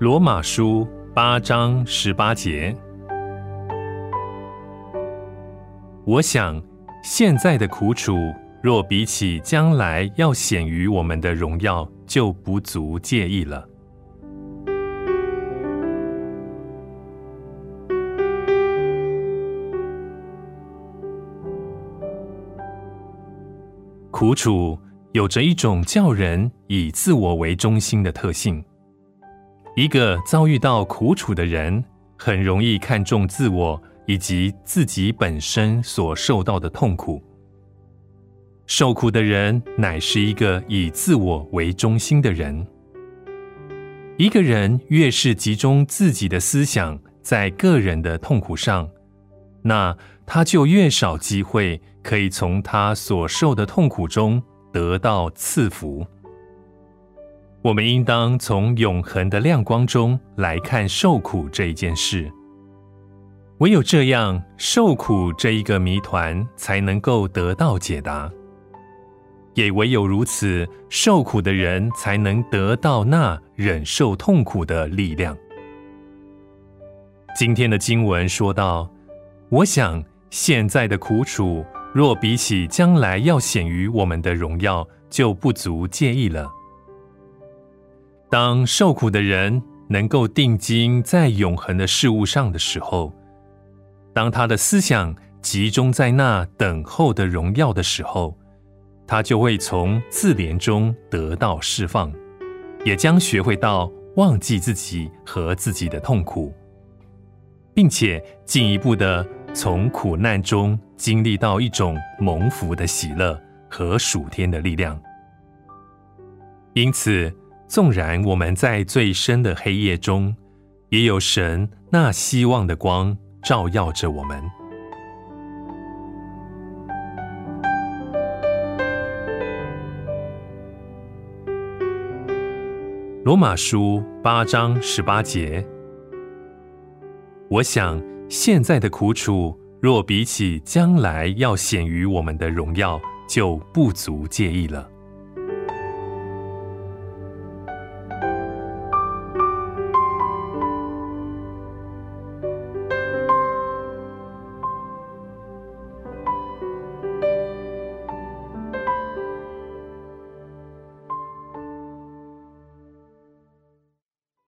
羅馬書八章十八節，我想現在的苦楚，若比起將來要顯於我們的榮耀，就不足介意了。苦楚有着一種叫人以自我為中心的特性。一個遭遇到苦楚的人，很容易看重自我以及自己本身所受到的痛苦。受苦的人乃是一個以自我為中心的人。一個人越是集中自己的思想在個人的痛苦上，那他就越少機會可以從他所受的痛苦中得到賜福。我們應當從永恆的亮光中來看受苦這一件事，唯有這樣，受苦這一個謎團才能夠得到解答，也唯有如此，受苦的人才能得到那忍受痛苦的力量。今天的經文說道：“我想，現在的苦楚，若比起將來要顯於我們的榮耀，就不足介意了。”當受苦的人能夠定睛在永恆的事物上的時候，當他的思想集中在那等候的榮耀的時候，他就會從自憐中得到釋放，也將學會到忘記自己和自己的痛苦，並且進一步的從苦難中經歷到一種蒙福的喜樂和屬天的力量。因此。縱然我們在最深的黑夜中，也有神那希望的光照耀着我們。羅馬書八章十八節。我想現在的苦楚，若比起將來要顯於我們的榮耀，就不足介意了。